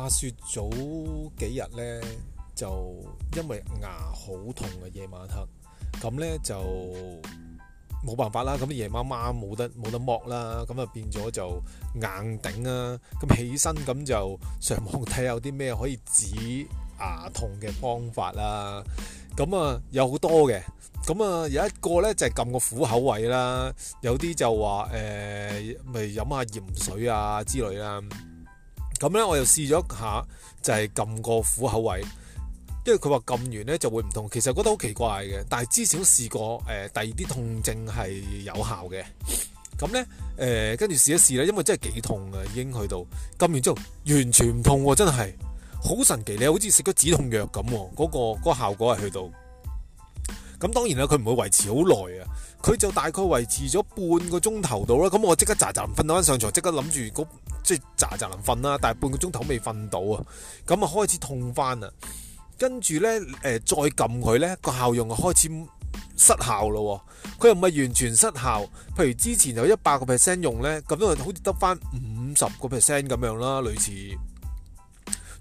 話説早幾日咧，就因為牙好痛嘅、啊、夜晚黑，咁咧就冇辦法啦。咁夜媽媽冇得冇得剝啦，咁啊變咗就硬頂啦、啊。咁起身咁就上網睇下有啲咩可以止牙痛嘅方法啦。咁啊有好多嘅，咁啊有一個咧就撳、係、個虎口位啦，有啲就話誒咪飲下鹽水啊之類啦。咁咧，我又試咗下，就係撳個虎口位，因為佢話撳完咧就會唔痛，其實覺得好奇怪嘅。但係至少都試過，呃、第二啲痛症係有效嘅。咁咧誒，跟住試一試咧，因為真係幾痛呀，已經去到撳完之後完全唔痛喎，真係好神奇。你好似食咗止痛藥咁，嗰個嗰個效果係去到。咁當然啦，佢唔會維持好耐啊。佢就大概維持咗半個鐘頭到啦。咁我即刻咋咋能瞓到翻上床，刻嗰個、即刻諗住即係咋咋能瞓啦，但係半個鐘頭未瞓到啊，咁啊開始痛翻啦，跟住呢，誒、呃、再撳佢呢個效用就開始失效咯，佢又唔係完全失效，譬如之前有一百個 percent 用呢，咁樣好似得翻五十個 percent 咁樣啦，類似，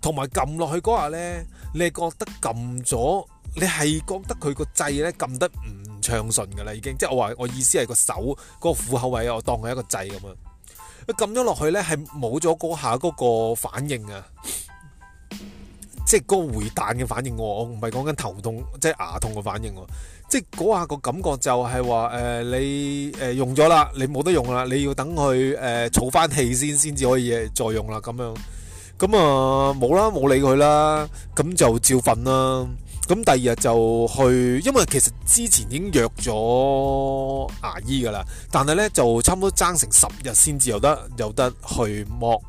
同埋撳落去嗰下呢，你係覺得撳咗，你係覺得佢個掣呢撳得唔暢順噶啦，已經即係我話，我意思係、那個手嗰個虎口位，我當佢一個掣咁啊。撳咗落去咧，係冇咗嗰下嗰個反應啊，即係嗰個回彈嘅反應。我唔係講緊頭痛，即係牙痛嘅反應。即係嗰下個感覺就係、是、話，誒、呃，你誒用咗啦，你冇得用啦，你要等佢誒儲翻氣先，先、呃、至可以再用啦。咁樣咁啊，冇啦，冇、呃、理佢啦，咁就照瞓啦。咁第二日就去，因為其實之前已經約咗牙醫噶啦，但係咧就差唔多爭成十日先至有得有得去剝。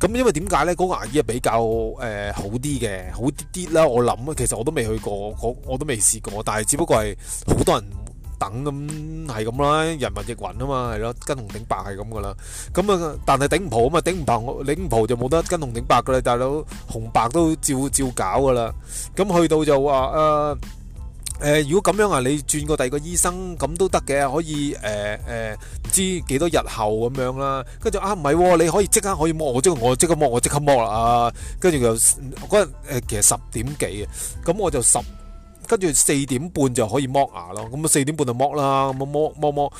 咁因為點解咧？嗰個牙醫係比較誒好啲嘅，好啲啲啦。我諗啊，其實我都未去過，我，我都未試過，但係只不過係好多人。等咁係咁啦，人云亦云啊嘛，係咯，跟紅頂白係咁噶啦。咁啊，但係頂唔好啊嘛，頂唔白我，頂唔浦就冇得跟紅頂白噶啦。大佬，都紅白都照照，照搞噶啦。咁去到就話誒誒，如果咁樣啊，你轉過第二個醫生咁都得嘅，可以誒誒，唔、呃呃、知幾多日後咁樣啦。跟住啊，唔係、啊，你可以即刻可以摸我刻，即我即刻摸我即刻摸啦。跟住又嗰日其實十點幾啊，咁我就十。跟住四點半就可以剝牙咯，咁啊四點半就剝啦，咁啊剝剝剝，剝，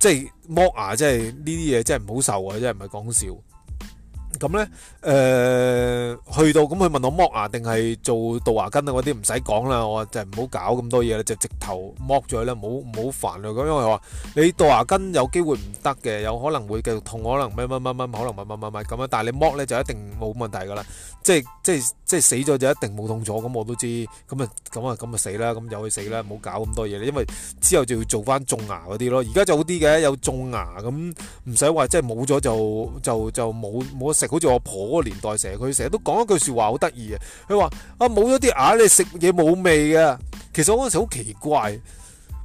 即係剝牙，即係呢啲嘢真係唔好受啊，真係唔係講笑。咁咧，誒、呃、去到咁佢問我剝牙定係做杜牙根啊？啲唔使講啦，我就唔好搞咁多嘢啦，就直頭剝咗啦，冇好煩啊！咁因為話你杜牙根有機會唔得嘅，有可能會繼續痛，可能乜乜乜乜，可能乜乜乜乜咁樣，但係你剝咧就一定冇問題噶啦，即係即係即係死咗就一定冇痛楚，咁我都知。咁啊咁啊咁啊死啦，咁由去死啦，唔好搞咁多嘢啦。因為之後就要做翻種牙啲咯，而家就好啲嘅有種牙，咁唔使話即係冇咗就就就冇冇得食。好似我婆嗰個年代成日，佢成日都講一句説話好得意嘅，佢話，啊冇咗啲牙，你食嘢冇味嘅。其實我嗰陣時好奇怪，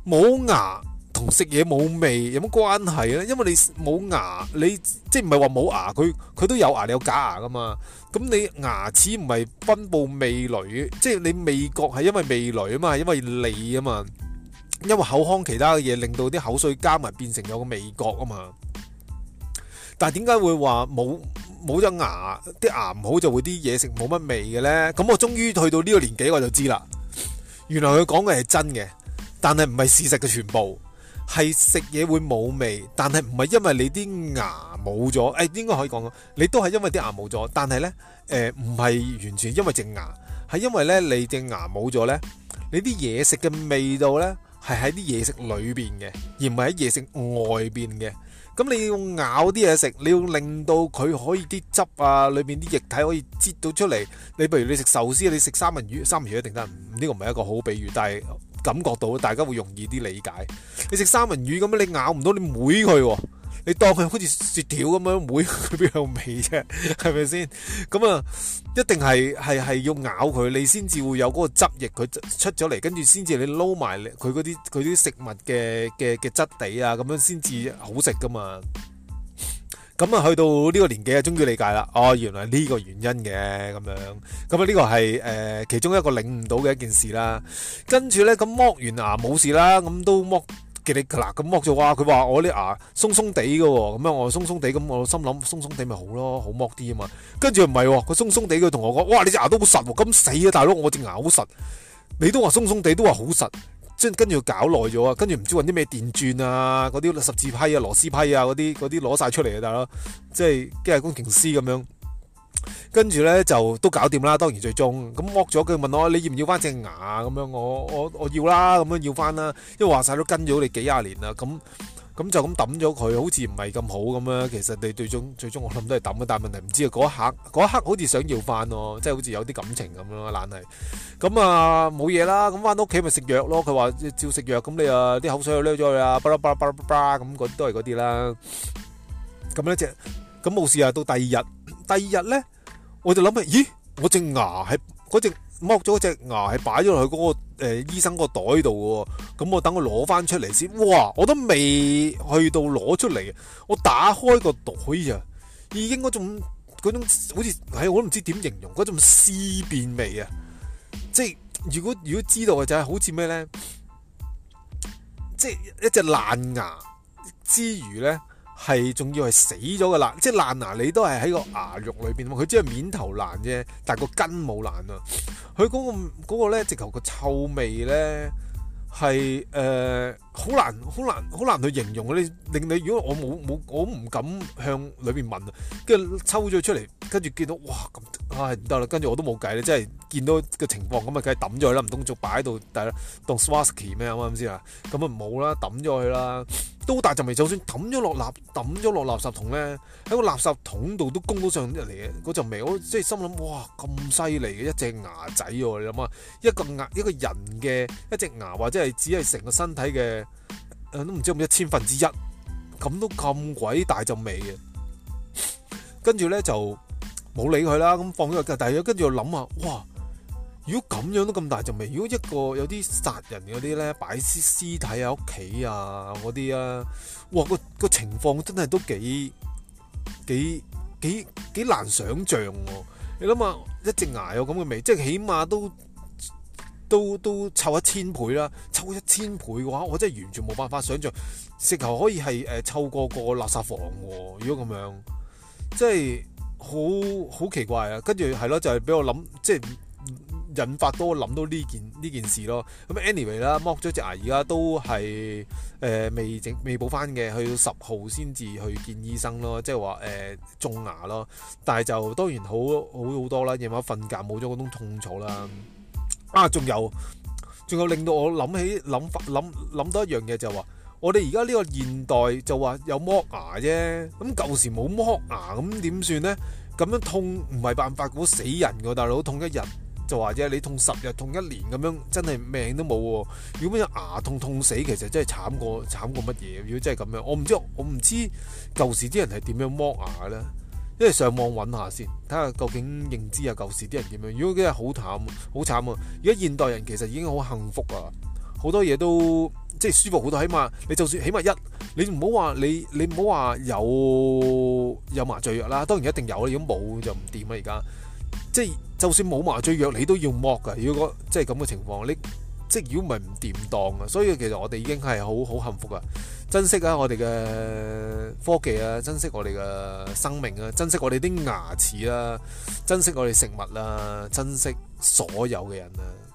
冇牙同食嘢冇味有乜關係咧？因為你冇牙，你即係唔係話冇牙？佢佢都有牙，你有假牙噶嘛？咁你牙齒唔係分布味蕾，即係你味覺係因為味蕾啊嘛，因為脷啊嘛，因為口腔其他嘅嘢令到啲口水加埋變成有個味覺啊嘛。但係點解會話冇？冇咗牙，啲牙唔好就會啲嘢食冇乜味嘅咧。咁我終於去到呢個年紀，我就知啦。原來佢講嘅係真嘅，但係唔係事實嘅全部。係食嘢會冇味，但係唔係因為你啲牙冇咗。誒、哎、應該可以講你都係因為啲牙冇咗。但係呢，誒唔係完全因為隻牙，係因為呢你隻牙冇咗呢，你啲嘢食嘅味道呢，係喺啲嘢食裏邊嘅，而唔係喺嘢食外邊嘅。咁你要咬啲嘢食，你要令到佢可以啲汁啊，裏邊啲液體可以擠到出嚟。你譬如你食壽司，你食三文魚，三文魚一定得。呢個唔係一個好比喻，但係感覺到大家會容易啲理解。你食三文魚咁啊，你咬唔到你攰佢。你當佢好似雪條咁樣，會有邊有味啫？係咪先？咁啊，一定係係係要咬佢，你先至會有嗰個汁液佢出咗嚟，跟住先至你撈埋佢嗰啲佢啲食物嘅嘅嘅質地啊，咁樣先至好食㗎嘛。咁啊，去到呢個年紀啊，終於理解啦。哦，原來呢個原因嘅咁樣。咁啊，呢個係誒、呃、其中一個領悟到嘅一件事啦。跟住咧，咁剝完牙冇事啦，咁都剝。嘅你噶啦，咁剝咗話佢話我啲牙鬆鬆地嘅喎，咁樣我松鬆地咁，我心諗鬆鬆地咪好咯，好剝啲啊嘛。哦、鬆鬆，跟住唔係喎，佢鬆鬆地佢同我講，哇！你隻牙都好實喎！哦，咁死啊大佬，我隻牙好實，你都話鬆鬆地都話好實，即跟住搞耐咗啊，跟住唔知揾啲咩電鑽啊，嗰啲十字批啊、螺絲批啊嗰啲嗰啲攞晒出嚟啊大佬，即係機械工程師咁樣。跟住咧就都搞掂啦，當然最終咁剝咗佢問我你要唔要翻隻牙咁樣，我我我要啦，咁樣要翻啦，因為話晒都跟咗你幾廿年啦，咁咁就咁抌咗佢，好似唔係咁好咁樣，其實你最終最終我諗都係抌嘅，但係問題唔知啊，嗰一刻嗰一刻好似想要翻喎，即係好似有啲感情咁咯，懶係咁啊冇嘢啦，咁翻到屋企咪食藥咯，佢話照食藥咁你啊啲口水又甩咗去啊，巴拉巴拉巴拉巴拉咁嗰啲都係嗰啲啦，咁咧只咁冇事啊，到第二日第二日咧。我就諗啊，咦？我隻牙喺嗰隻剝咗嗰隻牙係擺咗落去嗰個誒、呃、醫生個袋度嘅，咁、嗯、我等佢攞翻出嚟先。哇！我都未去到攞出嚟。我打開個袋啊，已經嗰種嗰種好似，唉、哎，我都唔知點形容嗰種屍辨味啊！即係如果如果知道嘅就係、是、好似咩呢？即係一隻爛牙之餘呢。係仲要係死咗嘅啦，即係爛牙，你都係喺個牙肉裏邊，佢只係面頭爛啫，但係、個根冇爛啊。佢嗰個嗰個咧，直頭個臭味咧係誒，好難好難好難去形容啊！你令你如果我冇冇，我唔敢向裏邊聞啊。跟住抽咗出嚟，跟住見到哇咁啊唔得啦，跟住我都冇計啦，即係見到個情況咁啊，梗係抌咗佢啦，唔通仲擺喺度，但係當 Swarovski 咩啊嘛先啊，咁啊冇啦，抌咗佢啦。都大陣味，就算抌咗落垃抌咗落垃圾桶咧，喺個垃圾桶度都供到上嚟嘅嗰陣味。我即係心諗哇咁犀利嘅一隻牙仔喎、啊，你諗下，一個牙一個人嘅一隻牙，或者係只係成個身體嘅，誒都唔知有冇一千分之一咁都咁鬼大陣味嘅。跟住咧就冇理佢啦，咁放咗入。但係跟住我諗啊，哇！如果咁樣都咁大陣味。如果一個有啲殺人嗰啲咧，擺屍屍，屍體喺屋企啊嗰啲啊，啊，哇個個情況真係都幾幾幾幾難想像，啊。你諗下，一直捱有咁嘅味，即係起碼都都都，都臭一千倍啦。臭一千倍嘅話，我真係完全冇辦法想象食頭可以係誒、呃、臭過個垃圾房，啊。如果咁樣，即係好好奇怪啊。跟住係咯，就係、是，俾我諗即係。引發多諗到呢件呢件事咯。咁 anyway 啦，剝咗隻牙，而家都係誒未整未補翻嘅，去到十號先至去見醫生咯。即係話誒種牙咯，但係就當然好好好多啦。夜晚瞓覺冇咗嗰種痛楚啦。啊，仲有仲有令到我諗起諗法，諗諗到一樣嘢就係話，我哋而家呢個現代就話有剝牙啫，咁舊時冇剝牙咁點算呢？咁樣痛唔係辦法，攰死人㗎大佬，痛一日。就話啫，或者你痛十日痛一年咁樣，真係命都冇喎。如果咩牙痛痛死，其實真係慘過慘過乜嘢。如果真係咁樣，我唔知我唔知舊時啲人係點樣剝牙嘅咧。因為上網揾下先，睇下究竟認知啊。舊時啲人點樣？如果啲人好慘，好慘啊！而家現代人其實已經好幸福啊，好多嘢都即係舒服好多。起碼你就算起碼一，你唔好話你你唔好話有有麻醉藥啦，當然一定有啦。如果冇就唔掂啦而家。即係，就算冇麻醉藥，你都要剝噶如果即係咁嘅情況，你即係如果唔係唔掂當啊。所以其實我哋已經係好好幸福啊，珍惜啊我哋嘅科技啊，珍惜我哋嘅生命啊，珍惜我哋啲牙齒啊，珍惜我哋食物啊，珍惜所有嘅人啊。